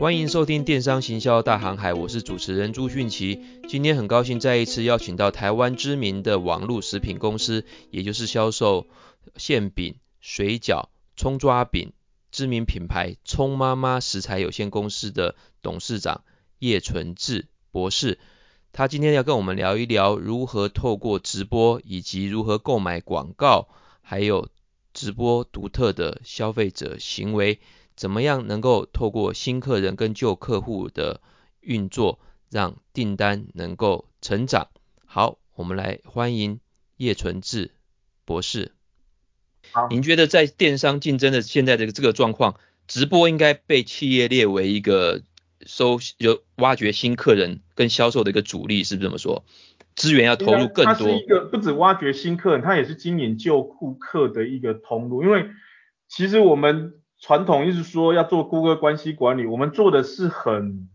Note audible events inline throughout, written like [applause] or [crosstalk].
歡迎收聽電商行銷大航海，我是主持人朱迅奇。今天很高興再一次邀請到台灣知名的網絡食品公司，也就是銷售餡餅、水餃、蔥抓餅知名品牌“蔥媽媽食材有限公司”的董事長葉純志博士。他今天要跟我們聊一聊如何透過直播，以及如何購買廣告，還有直播獨特的消費者行為。怎麼樣能夠透過新客人跟舊客戶的運作，讓訂單能夠成長？好，我們來歡迎葉純志博士。好，您覺得在電商競爭的現在的這個狀況，直播應該被企業列為一個收就挖掘新客人跟銷售的一個主力，是不是這麼說？資源要投入更多。它是一個不止挖掘新客人，它也是經營舊顧客的一個通路。因為其實我們。傳統一直說要做顧客關係管理，我們做的是很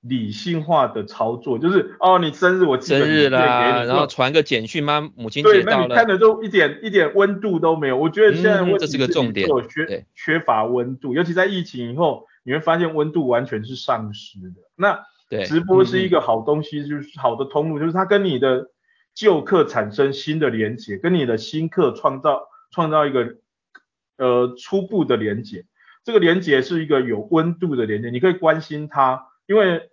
理性化的操作，就是哦，你生日我生日啦，然後傳個簡訊媽母親節到了，對你看着就一點一點溫度都沒有。我覺得現在是、嗯、這是個重點，缺缺乏溫度，尤其在疫情以後，你會發現溫度完全是喪失的。那直播是一個好東西，嗯、就是好的通路，就是它跟你的舊客產生新的連接，跟你的新客創造創造一個。呃，初步的連接，這個連接是一個有溫度的連接，你可以關心他，因為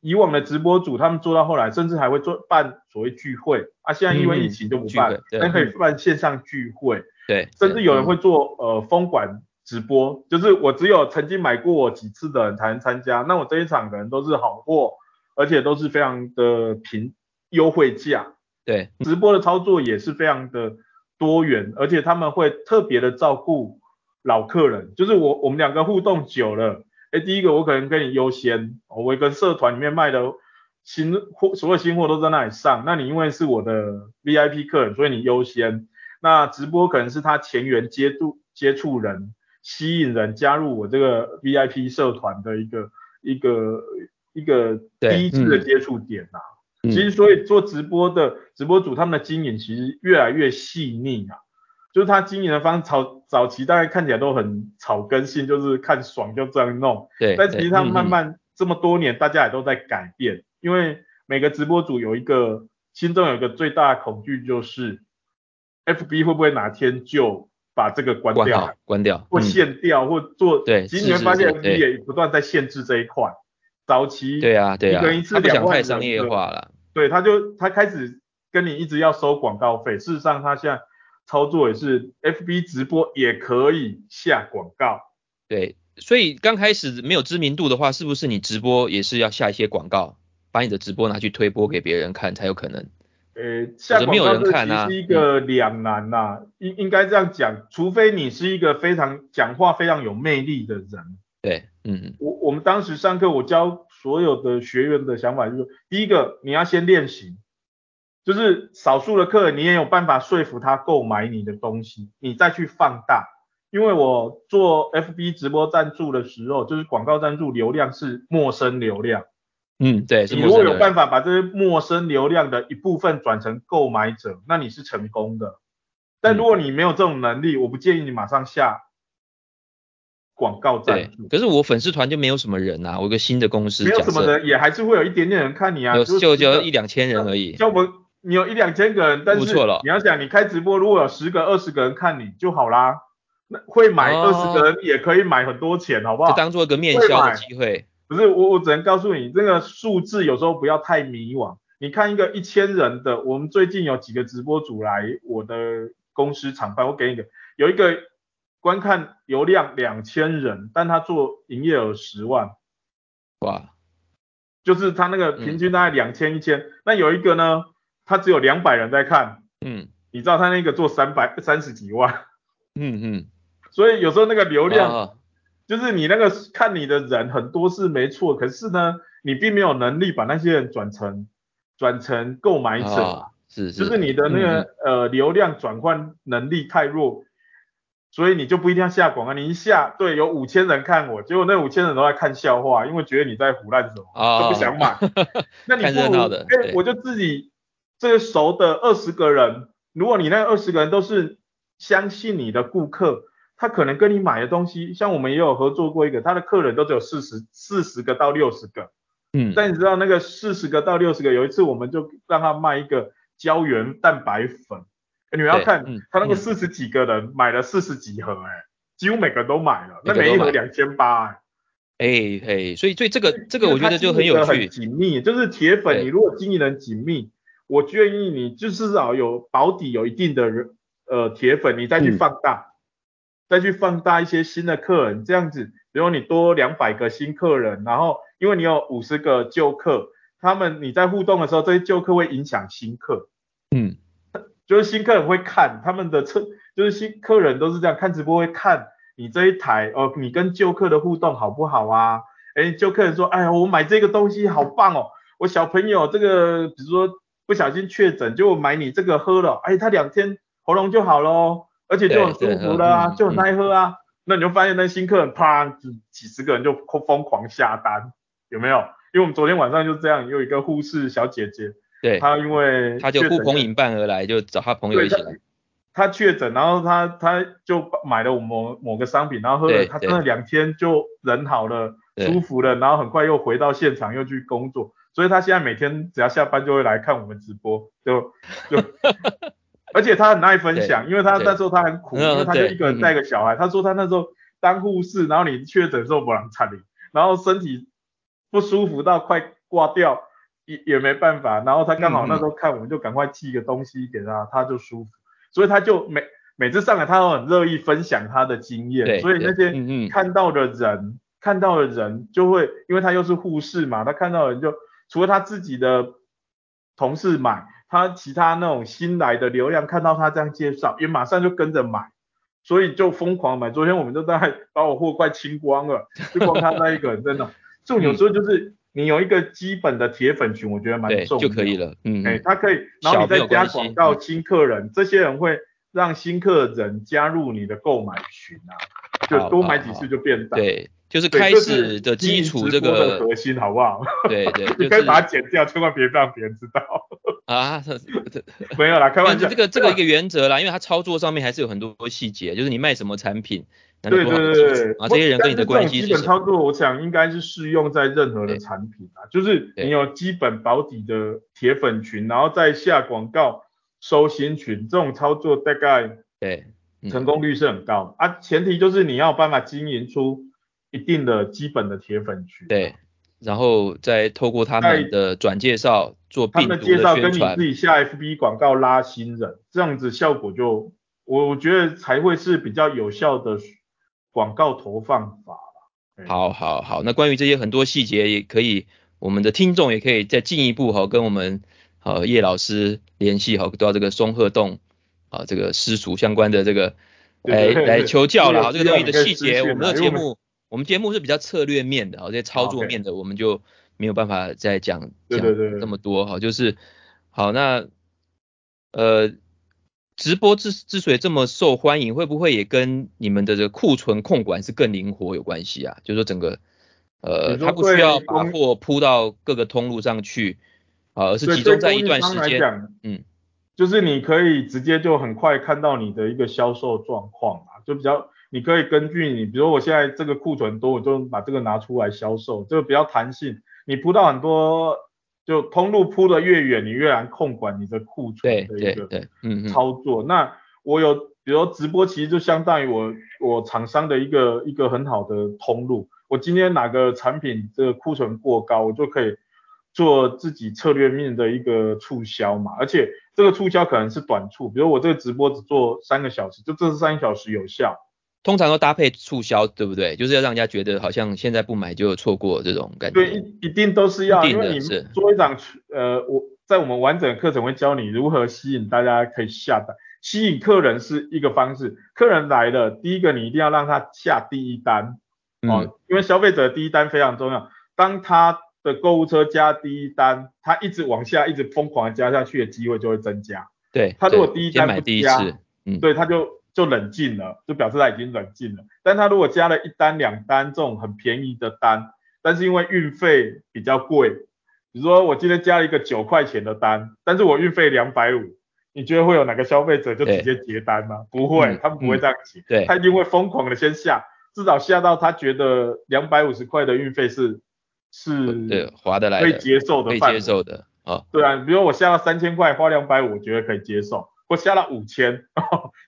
以往的直播主他們做到後來，甚至還會做辦所謂聚會啊，現在因為疫情就不辦、嗯對，但可以辦線上聚會，對，對甚至有人會做、嗯、呃封館直播，就是我只有曾經買過我幾次的人才能參加，那我這一場可能都是好貨，而且都是非常的平優惠價，對，直播的操作也是非常的。多元，而且他們會特別的照顧老客人，就是我我們兩個互動久了，誒，第一個我可能跟你優先，我我跟社團裡面賣的新貨，所有新貨都在那裡上，那你因為是我的 VIP 客人，所以你優先。那直播可能是他前緣接觸接觸人，吸引人加入我這個 VIP 社團的一個一個一個第一次的接觸點啊。其實，所以做直播的直播主他們的經營其實越來越細膩啊，就是他經營的方早早期大家看起來都很草根性，就是看爽就這樣弄。對。對，但實際上慢慢，嗯、這麼多年大家也都在改變，嗯，因為每個直播主有一個心中有一個最大的恐懼就是 FB 會不會哪天就把這個關掉關，關掉或限掉，嗯、或做對。其實你發現 FB 也不斷在限制這一塊。早期對啊對。啊，你一次他不想太商業化了。對，他就他開始跟你一直要收廣告費。事實上，他現在操作也是，FB 直播也可以下廣告。對，所以剛開始沒有知名度的話，是不是你直播也是要下一些廣告，把你的直播拿去推播給別人看才有可能？呃、欸，下廣告其實是一個兩難吶、啊嗯，應應該這樣講，除非你是一個非常講話非常有魅力的人。對，嗯，我我們當時上課我教。所有的學員的想法就是：第一個，你要先練習，就是少數的客人，你也有辦法說服他購買你的東西，你再去放大。因為我做 FB 直播贊助的時候，就是廣告贊助流量是陌生流量，嗯，對是。你如果有辦法把這些陌生流量的一部分轉成購買者，那你是成功的。但如果你沒有這種能力，嗯，我不建議你馬上下。廣告在可是我粉絲團就沒有什麼人啊。我有個新的公司，沒有什麼人，也還是會有一點點人看你啊，有就就一兩千人而已。就我你有一兩千個人，但是，錯了。你要想你開直播，如果有十個、二十個人看你就好啦，那會買二十個人也可以買很多錢，哦、好不好？就當做一個面銷的機會,會。不是，我我只能告訴你，這、那個數字有時候不要太迷惘。你看一個一千人的，我們最近有幾個直播主來我的公司廠辦，我給你一個，有一個。觀看流量兩千人，但他做營業額十萬，哇，就是他那個平均大概兩千一千、嗯。那有一個呢，他只有兩百人在看，嗯，你知道他那個做三百三十幾萬，嗯嗯，所以有時候那個流量、哦，就是你那個看你的人很多是沒錯，可是呢，你並沒有能力把那些人轉成轉成購買者，哦、是，是，就是你的那個、嗯、呃流量轉換能力太弱。所以你就不一定要下廣告，你一下，對，有五千人看我，結果那五千人都在看笑話，因為覺得你在唬爛什麼都、哦、不想買。哦、 [laughs] 那你不如，看欸、我就自己這些、個、熟的二十個人，如果你那二十個人都是相信你的顧客，他可能跟你買的東西，像我們也有合作過一個，他的客人都只有四十四十個到六十個，嗯，但你知道那個四十個到六十個，有一次我們就讓他賣一個膠原蛋白粉。你們要看、嗯嗯、他那個四十幾個人買了四十幾盒、欸，哎、嗯，幾乎每個,都買,每個都買了，那每一盒兩千八，哎、欸、哎、欸，所以所以這個這個我覺得就很有趣，就是、很緊密，就是鐵粉，你如果經營人緊密，我建議你就至少有保底有一定的呃鐵粉，你再去放大、嗯，再去放大一些新的客人，這樣子，比如你多兩百個新客人，然後因為你有五十個舊客，他們你在互動的時候，這些舊客會影響新客，嗯。就是新客人會看他們的車，就是新客人都是這樣看直播，會看你這一台哦、呃，你跟舊客的互動好不好啊？誒、欸、舊客人說，哎呀，我買這個東西好棒哦，我小朋友這個，比如說不小心確診就買你這個喝了，哎，他兩天喉嚨就好咯，而且就很舒服了、啊嗯，就很愛喝啊，嗯嗯、那你就發現那新客人啪，幾十個人就瘋狂下單，有沒有？因為我們昨天晚上就這樣，有一個護士小姐姐。對他，因為他就呼朋引伴而來，就找他朋友一起來。他確診，然後他他就買了我們某某個商品，然後喝了，他那兩天就人好了，舒服了，然後很快又回到現場，又去工作。所以他現在每天只要下班就會來看我們直播，就就， [laughs] 而且他很愛分享，因為他那時候他很苦，因為他就一個人帶個小孩。他說他那時候當護士，然後你確診時候不讓參里，然後身體不舒服到快掛掉。也也沒辦法，然後他剛好那時候看，嗯嗯我們就趕快寄個東西給他，他就舒服，所以他就每每次上來他都很樂意分享他的經驗，所以那些看到的人，嗯嗯看到的人就會，因為他又是護士嘛，他看到的人就除了他自己的同事買，他其他那種新來的流量看到他這樣介紹，也馬上就跟着買，所以就瘋狂買，昨天我們都在把我貨快清光了，就 [laughs] 光他那一個人真的，這種有時候就是。嗯你有一個基本的鐵粉群，我覺得蠻重對就可以了。嗯，哎、欸，他可以，嗯，然後你再加廣告，新客人，這些人會讓新客人加入你的購買群啊，嗯、就多買幾次就變大。對，就是開始的基礎這個、就是、礎核心，好不好？對對，就是你對，對就是，你可以把它剪掉，千萬別讓別人知道啊！沒有啦，開玩笑，玩笑這個這個一個原則啦，因為它操作上面還是有很多細節，就是你賣什麼產品。對對對對，啊，這些人跟你的關係。這種基本操作，我想應該是適用在任何的產品啊，就是你有基本保底的鐵粉群，然後再下廣告收新群，這種操作大概對成功率是很高的，嗯，啊，前提就是你要有辦法經營出一定的基本的鐵粉群，啊，對，然後再透過他們的轉介紹做病毒的宣傳，他們的介紹跟你自己下 FB 廣告拉新人，這樣子效果就我我覺得才會是比較有效的。廣告投放法、嗯、好好好，那關於這些很多細節，也可以，我們的聽眾也可以再進一步哈，跟我們呃葉老師聯繫哈，到這個松鶴洞啊這個私塾相關的這個來、哎、來求教了哈，這個東西的細節、啊，我們的節目我們節目是比較策略面的啊，這些操作面的、okay、我們就沒有辦法再講講這麼多哈，就是好那呃。直播之之所以這麼受歡迎，會不會也跟你們的這個庫存控管是更靈活有關係啊？就是說整個呃，它不需要把貨鋪到各個通路上去，而，呃，是集中在一段時間，嗯，就是你可以直接就很快看到你的一個銷售狀況嘛，就比較你可以根據你，比如說我現在這個庫存多，我就把這個拿出來銷售，就比較彈性。你鋪到很多。就通路鋪得越遠，你越難控管你的庫存的一個，對對對，嗯操作嗯。那我有比如直播，其實就相當於我我廠商的一個一個很好的通路。我今天哪個產品這個庫存過高，我就可以做自己策略面的一個促銷嘛。而且這個促銷可能是短促，比如我這個直播只做三個小時，就這三個小時有效。通常都搭配促銷，對不對？就是要讓人家覺得好像現在不買就錯過這種感覺。對，一定都是要。一定的是。因為你做一場，呃，我，在我們完整的課程會教你如何吸引大家可以下單。吸引客人是一個方式，客人來了，第一個你一定要讓他下第一單，嗯，哦，因為消費者的第一單非常重要。當他的購物車加第一單，他一直往下一直瘋狂的加下去的機會就會增加。對。他如果第一單不加，嗯，對，他就。就冷靜了，就表示他已經冷靜了。但他如果加了一單、兩單這種很便宜的單，但是因為運費比較貴，比如說我今天加了一個九塊錢的單，但是我運費兩百五，你覺得會有哪個消費者就直接結單嗎？不會，他們不會這樣子、嗯嗯。對，他一定會瘋狂的先下，至少下到他覺得兩百五十塊的運費是是划得來、可以接受的、可以接受的啊。對啊，比如說我下到三千塊，花兩百五，我覺得可以接受。我下了五千，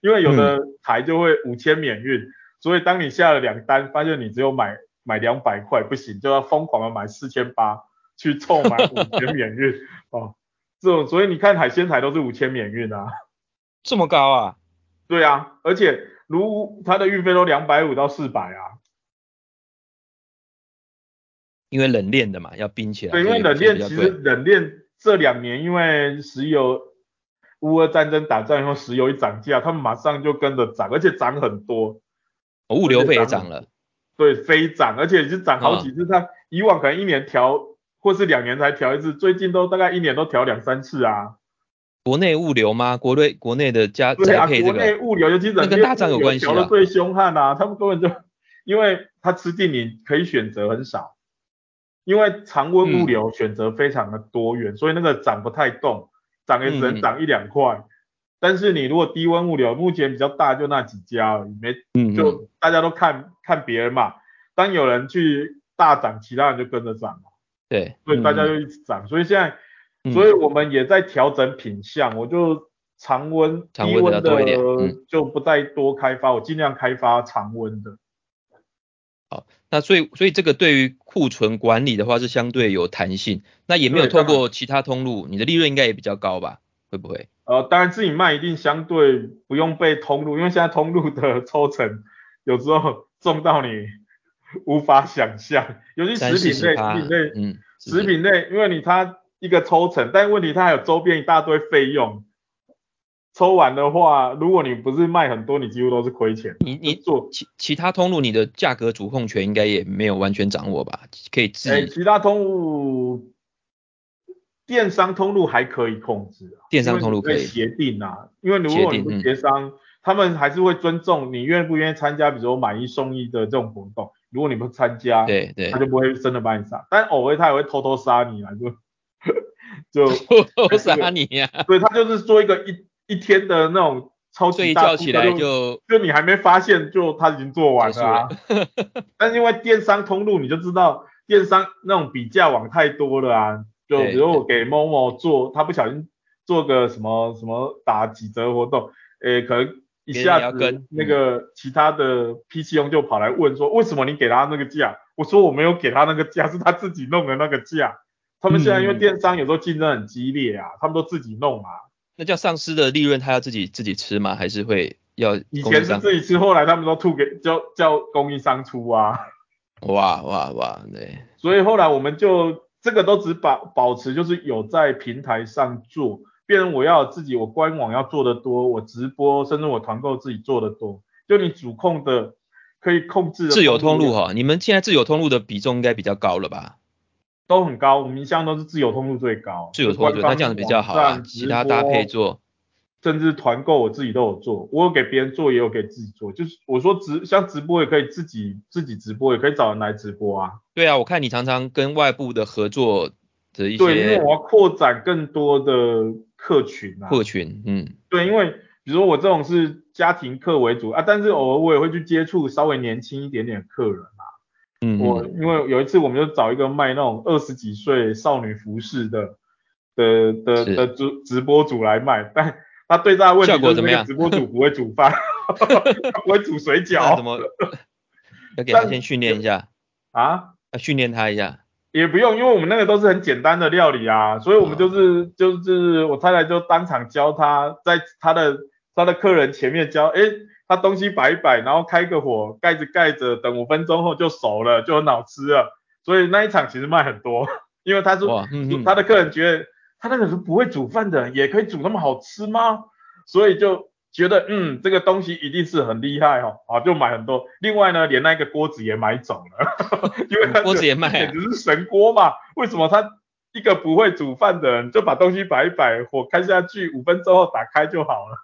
因為有的台就會五千免運、嗯，所以當你下了兩單，發現你只有買買兩百塊不行，就要瘋狂的買四千八去湊滿五千免運 [laughs] 哦。這種所以你看海鮮台都是五千免運啊，這麼高啊？對啊，而且如它的運費都兩百五到四百啊，因為冷鏈的嘛，要冰起來。對，因為冷鏈其實冷鏈這兩年因為石油。烏俄戰爭打仗以後，石油一漲價，他們馬上就跟着漲，而且漲很多。物流費也漲了，對，飛漲，而且已經漲好幾次。他、嗯、以往可能一年調，或是兩年才調一次，最近都大概一年都調兩三次啊。國內物流嗎？國內國內的家才可、啊、這個。國內物流尤其是跟打仗有關係。調得最凶悍啊，啊！他們根本就，因為他吃定你，可以選擇很少。因為常溫物流選擇非常的多元，嗯、所以那個漲不太動。漲也只能漲一兩塊、嗯，但是你如果低溫物流，目前比較大就那幾家，沒，就大家都看、嗯、看別人嘛。當有人去大漲，其他人就跟着漲嘛。對，所以大家就一直漲、嗯，所以現在，所以我們也在調整品項，我就常溫、低溫的就不再多開發，我盡量開發常溫的。好，那所以所以這個對於庫存管理的話是相對有彈性，那也沒有透過其他通路，你的利潤應該也比較高吧？會不會？呃，當然自己賣一定相對不用被通路，因為現在通路的抽成有時候重到你無法想象，尤其食品類、食品類，食品類，嗯，食品類，因為你它一個抽成，但問題它還有周邊一大堆費用。抽完的話，如果你不是賣很多，你幾乎都是虧錢。你你做其其他通路，你的價格主控權應該也沒有完全掌握吧？可以、欸。其他通路，電商通路還可以控制啊。電商通路協、啊、可以協定啊，因為如果你不協商、嗯，他們還是會尊重你願不願意參加，比如說買一送一的這種活動。如果你不參加，對對，他就不會真的把你殺。但偶爾他也會偷偷殺你啊，就 [laughs] 就偷偷殺你啊。對他就是做一個一。一天的那種超級大，叫起來就就你還沒發現，就他已經做完了、啊。但是因為電商通路，你就知道電商那種比價網太多了啊。就比如我給某某做，他不小心做個什麼什麼打幾折活動，誒，可能一下子那個其他的 P C 用就跑來問說，為什麼你給他那個價？我說我沒有給他那個價，是他自己弄的那個價。他們現在因為電商有時候競爭很激烈啊，他們都自己弄啊。那叫上市的利潤，他要自己自己吃嗎？還是會要？以前是自己吃，後來他們都吐給叫叫供應商出啊。哇哇哇，對。所以後來我們就這個都只保保持，就是有在平台上做。變成我要自己，我官網要做的多，我直播甚至我團購自己做的多。就你主控的可以控制。自有通路哈、哦，你們現在自有通路的比重應該比較高了吧？都很高，我們一向都是自由通路最高。自由通路，他講的比較好啊。其他搭配做，甚至團購我自己都有做，我有給別人做也有給自己做。就是我說直，像直播也可以自己，自己直播，也可以找人來直播啊。對啊，我看你常常跟外部的合作的一些。對，因為我要擴展更多的客群啊。客群，嗯，對，因為比如說我這種是家庭客為主啊，但是偶爾我也會去接觸稍微年輕一點點的客人。嗯，嗯我，我因為有一次我們就找一個賣那種二十幾歲少女服飾的的的的主直播主來賣，但他最大的問題就是那個直播主不會煮飯， [laughs] [laughs] 他不會煮水餃，怎麼？ [laughs] 要給他先訓練一下啊？要訓練他一下？也不用，因為我們那個都是很簡單的料理啊，所以我們就是、嗯就是、就是我太太就當場教他，在他的他的客人前面教，哎、欸。他東西擺一擺，然後開個火，蓋子蓋着，等五分鐘後就熟了，就很好吃了。所以那一場其實賣很多，因為他說，他的客人覺得他那個是不會煮飯的，也可以煮那麼好吃嗎？所以就覺得嗯，這個東西一定是很厲害哦，啊，就買很多。另外呢，連那個鍋子也買走了，因為他鍋子也賣，啊，簡直是神鍋嘛。為什麼他一個不會煮飯的人就把東西擺一擺，火開下去，五分鐘後打開就好了？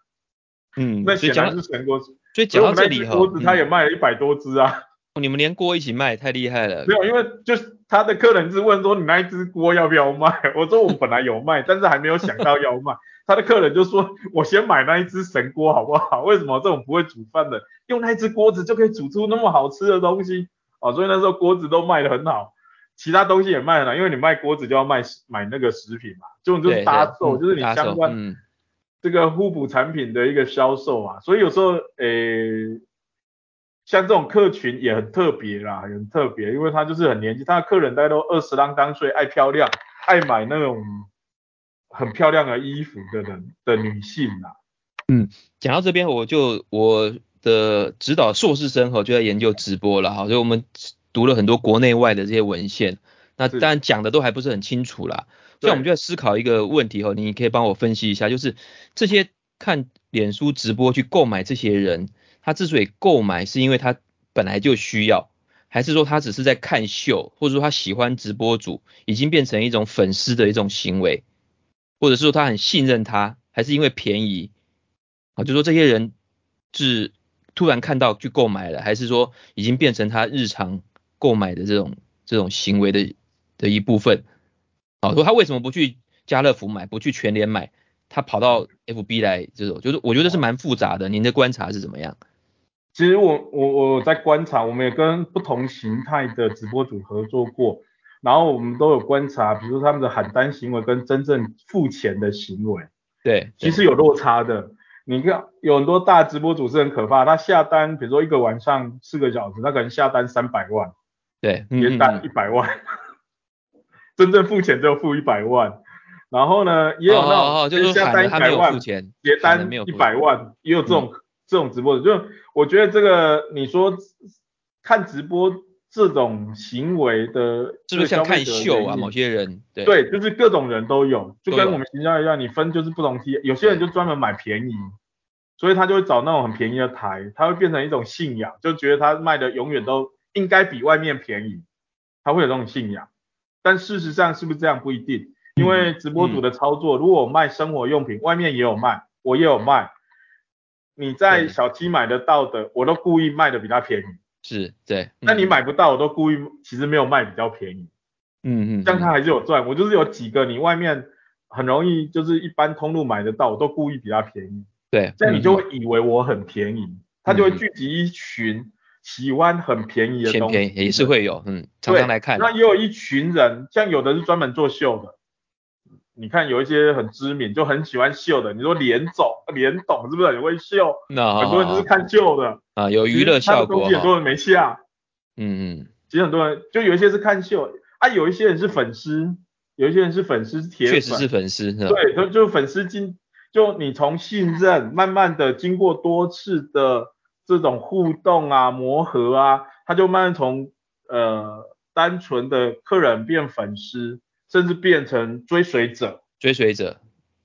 嗯，那所以是神鍋，所以講到這裡鍋子他也賣了一百多隻啊、嗯。你們連鍋一起賣，太厲害了。沒有，因為就是他的客人是問說，你那一隻鍋要不要賣？我說我本來有賣， [laughs] 但是還沒有想到要賣。他的客人就說，我先買那一隻神鍋好不好？為什麼這種不會煮飯的，用那一隻鍋子就可以煮出那麼好吃的東西哦，所以那時候鍋子都賣得很好，其他東西也賣了，因為你賣鍋子就要賣買那個食品嘛，這種就是搭售，就是你相關。嗯這個互補產品的一個銷售啊，所以有時候，誒，像這種客群也很特別啦，也很特別，因為他就是很年輕，他的客人大概都二十啷當歲，愛漂亮，愛買那種很漂亮的衣服的人的女性啦。嗯，講到這邊，我就我的指導碩士生哈，就在研究直播了哈，所以我們讀了很多國內外的這些文獻，那當然講的都還不是很清楚啦。所以，我們就在思考一個問題哦，你可以幫我分析一下，就是這些看臉書直播去購買這些人，他之所以購買，是因為他本來就需要，還是說他只是在看秀，或者說他喜歡直播主，已經變成一種粉絲的一種行為，或者是說他很信任他，還是因為便宜啊，就說這些人是突然看到去購買了，還是說已經變成他日常購買的這種這種行為的的一部分？好，他為什麼不去家樂福買，不去全聯買，他跑到 FB 來這種，就是我覺得是蠻複雜的。您的觀察是怎麼樣？其實我我我在觀察，我們也跟不同形態的直播主合作過，然後我們都有觀察，比如說他們的喊單行為跟真正付錢的行為對，對，其實有落差的。你看，有很多大直播主是很可怕，他下單，比如說一個晚上四個小時，他可能下單三百萬，對，嗯嗯嗯也單一百萬。真正付錢就付一百萬，然後呢，也有那種 oh, oh, oh. 就是下單一百萬結單一百萬，有嗯、也有這種、嗯、這種直播，的，就是我覺得這個你說看直播這種行為的，的，這就是像看秀啊？某些人對，對，就是各種人都有，就跟我們形象一樣，你分就是不同批、哦，有些人就專門買便宜，所以他就會找那種很便宜的台，他會變成一種信仰，就覺得他賣的永遠都應該比外面便宜，他會有這種信仰。但事實上是不是這樣不一定？因為直播主的操作、嗯嗯，如果我賣生活用品，外面也有賣，我也有賣。你在小七買得到的，我都故意賣的比他便宜。是，對。那、嗯、你買不到，我都故意其實沒有賣比較便宜。嗯嗯、嗯。像他還是有賺，我就是有幾個你外面很容易就是一般通路買得到，我都故意比他便宜。對。這樣你就會以為我很便宜，嗯、他就會聚集一群。喜歡很便宜的東西的便便，也是會有，嗯，常常來看、啊。那也有一群人，像有的是專門做秀的，你看有一些很知名，就很喜歡秀的。你說連總、連董是不是你會秀？很多人都是看秀的，好好的啊，有娛樂效果。看的東西很多人沒下，嗯嗯，其實很多人就有一些是看秀，啊，有一些人是粉絲，有一些人是粉絲是鐵粉，確實是粉絲，對，就就粉絲經就你從信任慢慢的經過多次的。這種互動啊，磨合啊，他就慢慢從呃單純的客人變粉絲，甚至變成追隨者。追隨者，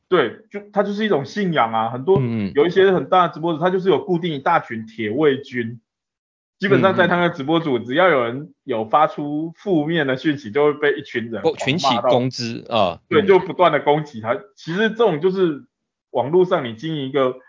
對，就他就是一種信仰啊。很多、嗯、有一些很大的直播主，他就是有固定一大群鐵衛軍，基本上在他的直播組、嗯嗯，只要有人有發出負面的訊息，就會被一群人群起攻擊啊。對，就不斷的攻擊他。其實這種就是網絡上你經營一個。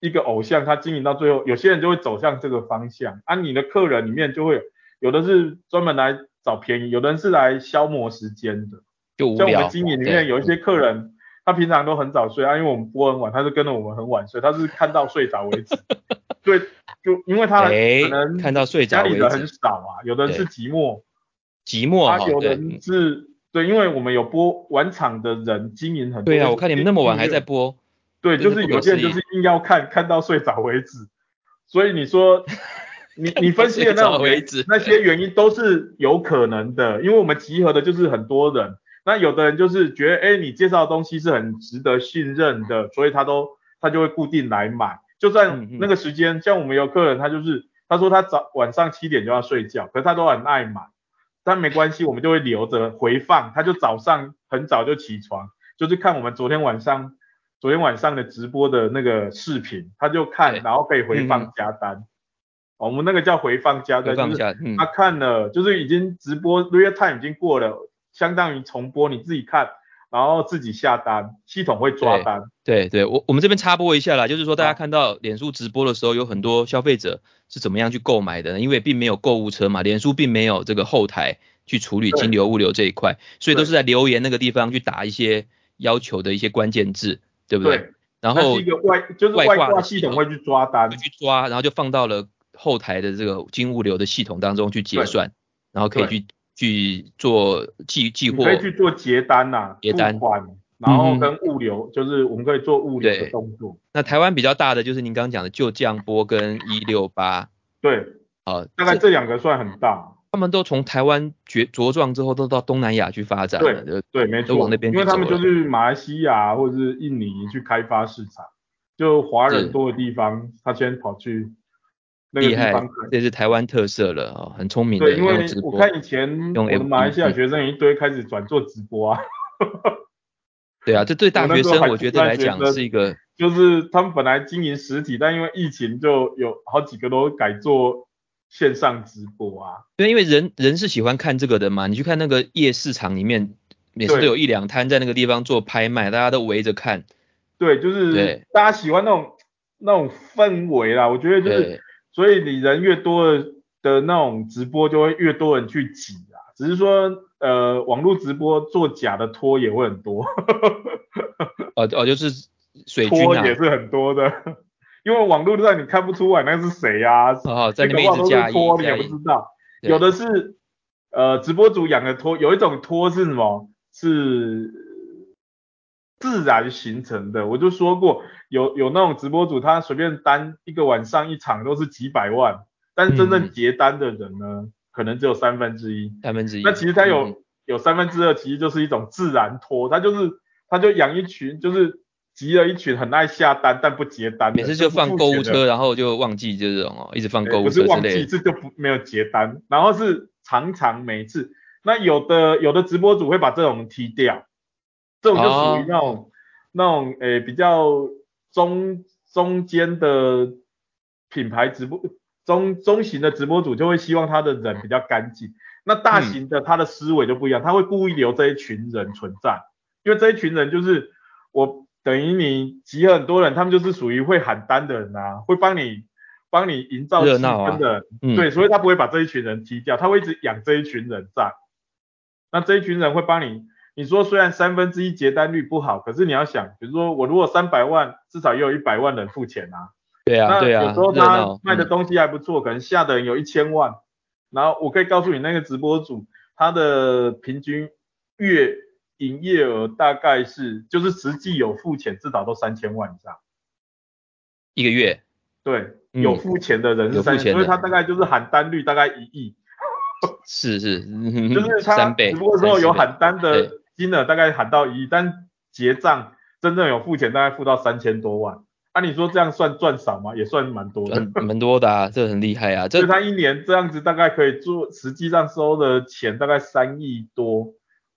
一個偶像，他經營到最後，有些人就會走向這個方向啊。你的客人裡面就會有的是專門來找便宜，有的人是來消磨時間的，就無聊。在我們經營裡面，有一些客人，他平常都很早睡、嗯、啊，因為我們播很晚，他是跟着我們很晚睡，他是看到睡着為止。 [laughs] 對，就因為他可能看到睡着。家裡人很少啊，有的人是寂寞，寂寞。啊，有人是對，對，因為我們有播晚場的人經營很多。對啊，我看你們那麼晚還在播。對，就是有些人就是硬要看，看到睡早為止。所以你說，你你分析的那種 [laughs] 為止，那些原因都是有可能的、欸，因為我們集合的就是很多人。那有的人就是覺得，哎、欸，你介紹的東西是很值得信任的，所以他都他就會固定來買。就算那個時間，像我們有客人，他就是他說他早晚上七點就要睡覺，可是他都很愛買。但沒關係，我們就會留着回放。他就早上很早就起床，就是看我們昨天晚上。昨天晚上的直播的那個視頻，他就看，然後可以回放加單。嗯哦、我們那個叫回放加單，回放加單。他、就是嗯啊、看了，就是已經直播 real time 已經過了，相當於重播，你自己看，然後自己下單，系統會抓單。對對，對，我我們這邊插播一下啦，就是說大家看到臉書直播的時候，有很多消費者是怎麼樣去購買的呢？因為並沒有購物車嘛，臉書並沒有這個後台去處理金流物流這一塊，所以都是在留言那個地方去打一些要求的一些關鍵字。對不對？對，然後是就是外掛系統，會去抓單，去抓，然後就放到了後台的這個金物流的系統當中去結算，然後可以去去做計計貨，可以去做結單吶、啊，結單，然後跟物流、嗯、就是我們可以做物流的動作。那台灣比較大的就是您剛剛講的舊降波跟一六八，對，好、呃，大概這兩個算很大。他們都從台灣茁壯之後，都到東南亞去發展了。對，對，沒錯，因為他們就是馬來西亞或者是印尼去開發市場，就華人多的地方，他先跑去。厲害。這是台灣特色了，很聰明的。對，因為我看以前我馬來西亞學生一堆開始轉做直播啊。嗯、 [laughs] 對啊，這對大學生我覺得來講是一個。就是他們本來經營實體，但因為疫情就有好幾個都改做。線上直播啊，對，因為人人是喜歡看這個的嘛。你去看那個夜市場裡面，每次都有一兩攤在那個地方做拍賣，大家都圍着看。對，就是大家喜歡那種那種氛圍啦。我覺得就是，所以你人越多的的那種直播，就會越多人去擠啊。只是說，呃，網絡直播做假的托也會很多。呃 [laughs] 呃、哦哦，就是水軍啊。托也是很多的。因為網絡上你看不出來那個、是誰呀、啊，哦哦，在個都是托你也不知道，有的是呃直播主養的托，有一種托是什麼？是自然形成的。我就說過，有有那種直播主他隨便單一個晚上一場都是幾百萬，但是真正結單的人呢，嗯，可能只有三分之一。三分之一。那其實他有，嗯、有三分之二其實就是一種自然托，他就是他就養一群就是。集了一群很愛下單但不結單，每次就放購物車，然後就忘記這種哦，一直放購物車之類的不、哎就是忘記，是就不沒有結單，然後是常常每次。那有的有的直播主會把這種踢掉，這種就屬於那種、哦、那種誒、哎、比較中中間的品牌直播中中型的直播主就會希望他的人比較乾淨，那大型的他的思維就不一樣，嗯、他會故意留這一群人存在，因為這一群人就是我。等於你集很多人，他們就是屬於會喊單的人啊，會幫你幫你營造人人熱鬧啊。的、嗯，對，所以他不會把這一群人踢掉，他會一直養這一群人在。那這一群人會幫你，你說雖然三分之一結單率不好，可是你要想，比如說我如果三百萬，至少也有一百萬人付錢啊。對啊，對啊。有時候他賣的東西還不錯，啊啊嗯、可能下的人有有一千萬，然後我可以告訴你那個直播主，他的平均月。營業額大概是，就是實際有付錢，至少都三千萬以上，一個月。對，嗯、有付錢的人是三千，所以他大概就是喊單率大概一億。 [laughs] 是是、嗯，就是他只不過說有喊單的金額大概喊到一億，但結賬真正有付錢大概付到三千多萬。按、啊、你說這樣算賺少嗎？也算蠻多的，蠻多的啊，這很厲害啊。這所以他一年這樣子大概可以做，實際上收的錢大概三億多。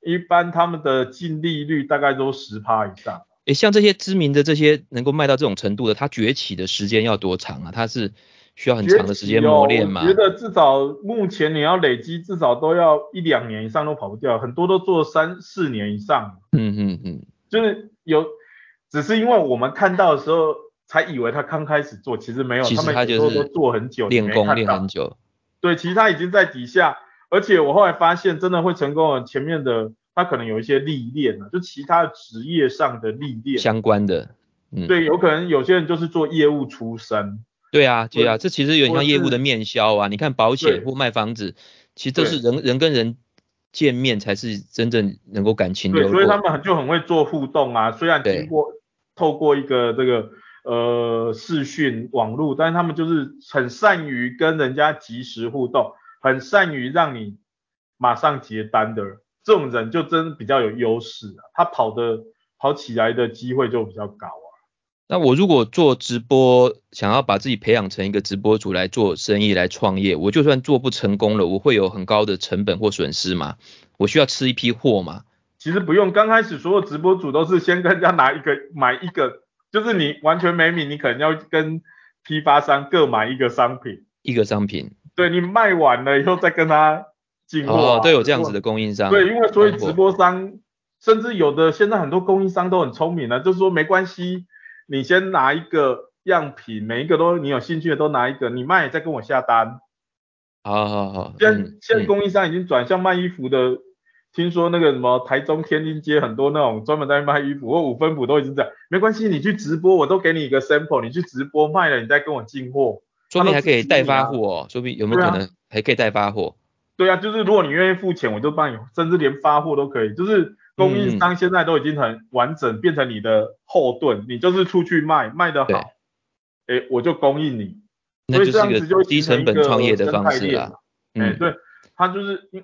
一般他們的淨利率大概都十趴以上。誒，像這些知名的這些能夠賣到這種程度的，他崛起的時間要多長啊？他是需要很長的時間磨練嗎、哦？我覺得至少目前你要累積至少都要一兩年以上都跑不掉，很多都做三四年以上。嗯嗯嗯。就是有，只是因為我們看到的時候才以為他剛開始做，其實沒有，其實他，就是練練他們很多都做很久，練功練很久。對，其實他已經在底下。而且我後來發現，真的會成功啊！前面的他可能有一些歷練，就其他職業上的歷練相關的，嗯，對，有可能有些人就是做業務出身，對啊，對啊，這其實有點像業務的面銷啊。你看保險或賣房子，其實都是人人跟人見面才是真正能夠感情流露。對，所以他們很就很會做互動啊。雖然經過透過一個這個呃視訊網絡，但是他們就是很善於跟人家即時互動。很善於讓你馬上接單的這種人，就真比較有優勢啊，他跑的跑起來的機會就比較高啊。那我如果做直播，想要把自己培養成一個直播主來做生意、來創業，我就算做不成功了，我會有很高的成本或損失嗎？我需要吃一批貨嗎？其實不用。剛開始所有直播主都是先跟人家拿一個買一個，就是你完全沒米，你可能要跟批發商各買一個商品，一個商品。對，你賣完了以後再跟他進貨、啊，都、oh, 有這樣子的供應商。對，因為所以直播商，甚至有的現在很多供應商都很聰明了，就是、說沒關係，你先拿一個樣品，每一個都你有興趣的都拿一個，你賣也再跟我下單。好好好，現、嗯、現在供應商已經轉向賣衣服的、嗯，聽說那個什麼台中天津街很多那種專門在賣衣服，我五分埔都已經在，沒關係，你去直播我都給你一個 sample，你去直播賣了你再跟我進貨。說不定還可以代發貨哦，說不定有沒有可能還可以代發貨、啊？對啊，就是如果你願意付錢，我就幫你，甚至連發貨都可以。就是供應商現在都已經很完整、嗯，變成你的後盾，你就是出去賣，賣得好，哎、欸，我就供應你。那就是一個低成本創業的方式啊。欸嗯、對，他就是因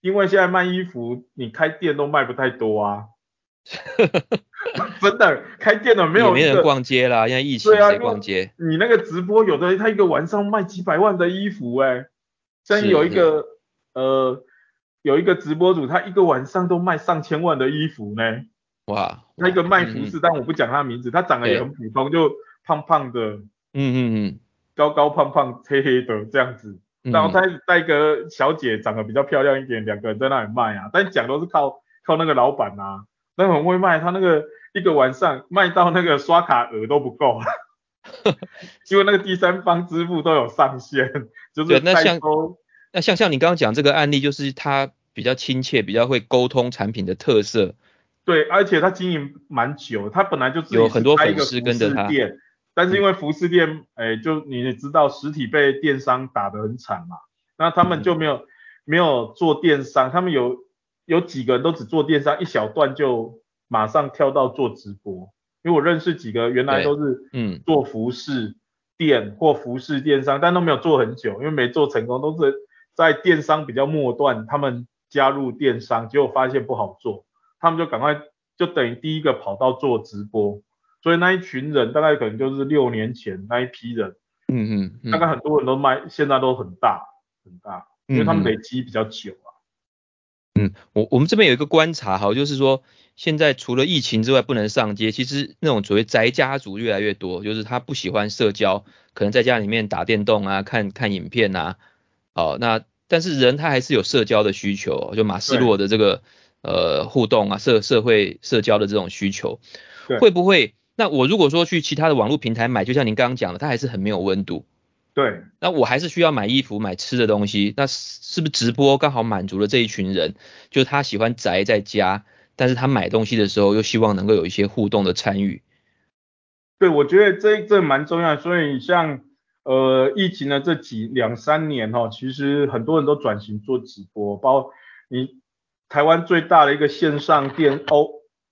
因為現在賣衣服，你開店都賣不太多啊。 [laughs] [laughs] 真的開店了沒有、這個？沒人逛街啦，現在疫情對、啊、誰逛街？你那個直播有的，他一個晚上賣幾百萬的衣服哎、欸，甚至有一個呃，有一個直播主，他一個晚上都賣上千萬的衣服呢、欸。哇，他一個賣服飾、嗯嗯，但我不講他名字，他長得也很普通，就胖胖的，嗯嗯嗯，高高胖胖黑黑的這樣子，然後他帶個小姐，長得比較漂亮一點，兩個人在那裡賣啊，但講都是靠靠那個老闆啊。但很會賣，他那個一個晚上賣到那個刷卡額都不夠， [laughs] 因為那個第三方支付都有上限。 [laughs] 就是對，那像那像像你剛剛講這個案例，就是他比較親切，比較會溝通產品的特色。對，而且他經營蠻久，他本來就有很多粉絲服飾店，但是因為服飾店，哎、欸，就你也知道實體被電商打得很慘嘛、嗯，那他們就沒有沒有做電商，他們有。有幾個人都只做電商一小段就馬上跳到做直播，因為我認識幾個原來都是做服飾店或服飾電商、嗯，但都沒有做很久，因為沒做成功，都是在電商比較末段，他們加入電商，結果發現不好做，他們就趕快就等於第一個跑到做直播，所以那一群人大概可能就是六年前那一批人，嗯嗯，大概很多人都賣現在都很大很大，因為他們累積比較久啊。嗯嗯，我我們這邊有一個觀察，哈，就是說，現在除了疫情之外不能上街，其實那種所謂宅家族越來越多，就是他不喜歡社交，可能在家裡面打電動啊，看看影片啊，哦，那但是人他還是有社交的需求，就馬斯洛的這個呃互動啊，社社會社交的這種需求，會不會？那我如果說去其他的網絡平台買，就像您剛剛講的，它還是很沒有溫度。對，那我還是需要買衣服、買吃的東西，那是不是直播剛好滿足了這一群人？就他喜歡宅在家，但是他買東西的時候又希望能夠有一些互動的參與。對，我覺得這這蠻重要的，所以像呃疫情的這幾兩三年哦，其實很多人都轉型做直播，包括你台灣最大的一個線上店哦，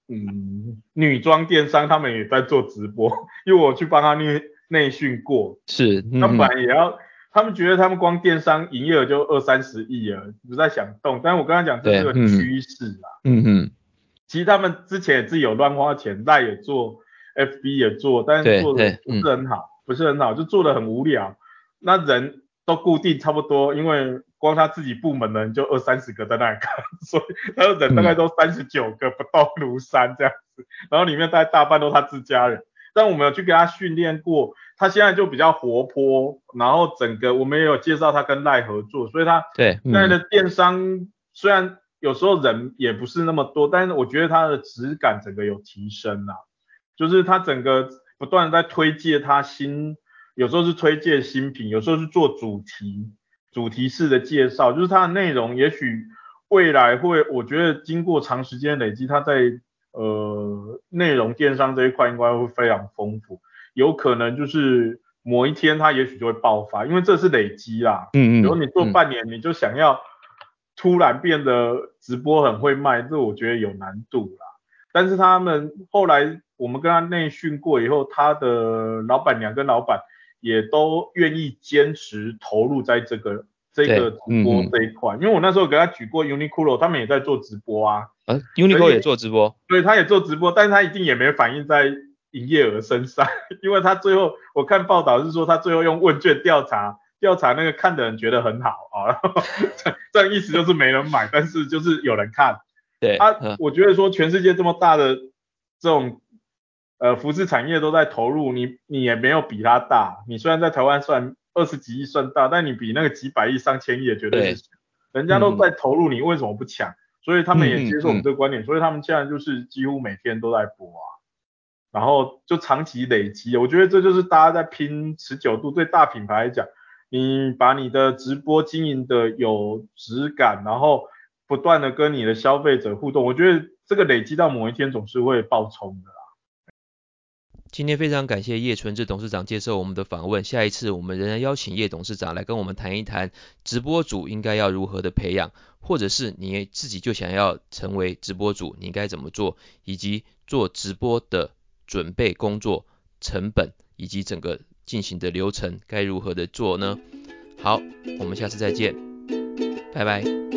嗯，女裝電商他們也在做直播，因為我去幫他捏內訓過是，那不然也要，他們覺得他們光電商營業額就二三十億啊，不再想動。但是我剛剛講這是個趨勢啦。嗯嗯哼。其實他們之前也自己有亂花錢，LINE 也做 FB 也做，但是做的不是很好，不是很好，嗯、就做的很無聊。那人都固定差不多，因為光他自己部門的人就二三十個在那裡看，所以他的人大概都三十九個、嗯、不到廬山這樣子，然後裡面大概大半都是他自家人。但我們有去給他訓練過，他現在就比較活潑，然後整個我們也有介紹他跟 LINE 合作，所以他對現在電商雖然有時候人也不是那麼多，嗯、但是我覺得他的質感整個有提升了，啊，就是他整個不斷在推介他新，有時候是推介新品，有時候是做主題主題式的介紹，就是他的內容也許未來會，我覺得經過長時間累積，他在。呃，內容電商這一塊應該會非常豐富，有可能就是某一天它也許就會爆發，因為這是累積啦。嗯嗯。然後你做半年，你就想要突然變得直播很會賣，嗯嗯，這我覺得有難度啦。但是他們後來我們跟他內訓過以後，他的老闆娘跟老闆也都願意堅持投入在這個。這個直播這一塊、嗯，因為我那時候給他舉過 Uniqlo，他們也在做直播啊、呃、，Uniqlo 也做直播，對，他也做直播，但是他一定也沒反映在營業額身上，因為他最後我看報道是說他最後用問卷調查，調查那個看的人覺得很好啊，這樣意思就是沒人買， [laughs] 但是就是有人看，對，啊、嗯，我覺得說，全世界這麼大的這種呃服飾產業都在投入，你你也沒有比他大，你雖然在台灣算。二十幾億算大，但你比那個幾百億、上千億也絕對是。對。人家都在投入，你為什麼不搶？嗯。所以他們也接受我們這個觀點。嗯嗯。所以他們現在就是幾乎每天都在播啊，然後就長期累積。我覺得這就是大家在拼持久度。對大品牌來講，你把你的直播經營的有質感，然後不斷的跟你的消費者互動，我覺得這個累積到某一天總是會爆衝的。今天非常感謝葉純志董事長接受我們的訪問。下一次我們仍然邀請葉董事長來跟我們談一談直播主應該要如何的培養，或者是你自己就想要成為直播主，你應該怎麼做，以及做直播的準備工作、成本以及整個進行的流程該如何的做呢？好，我們下次再見，拜拜。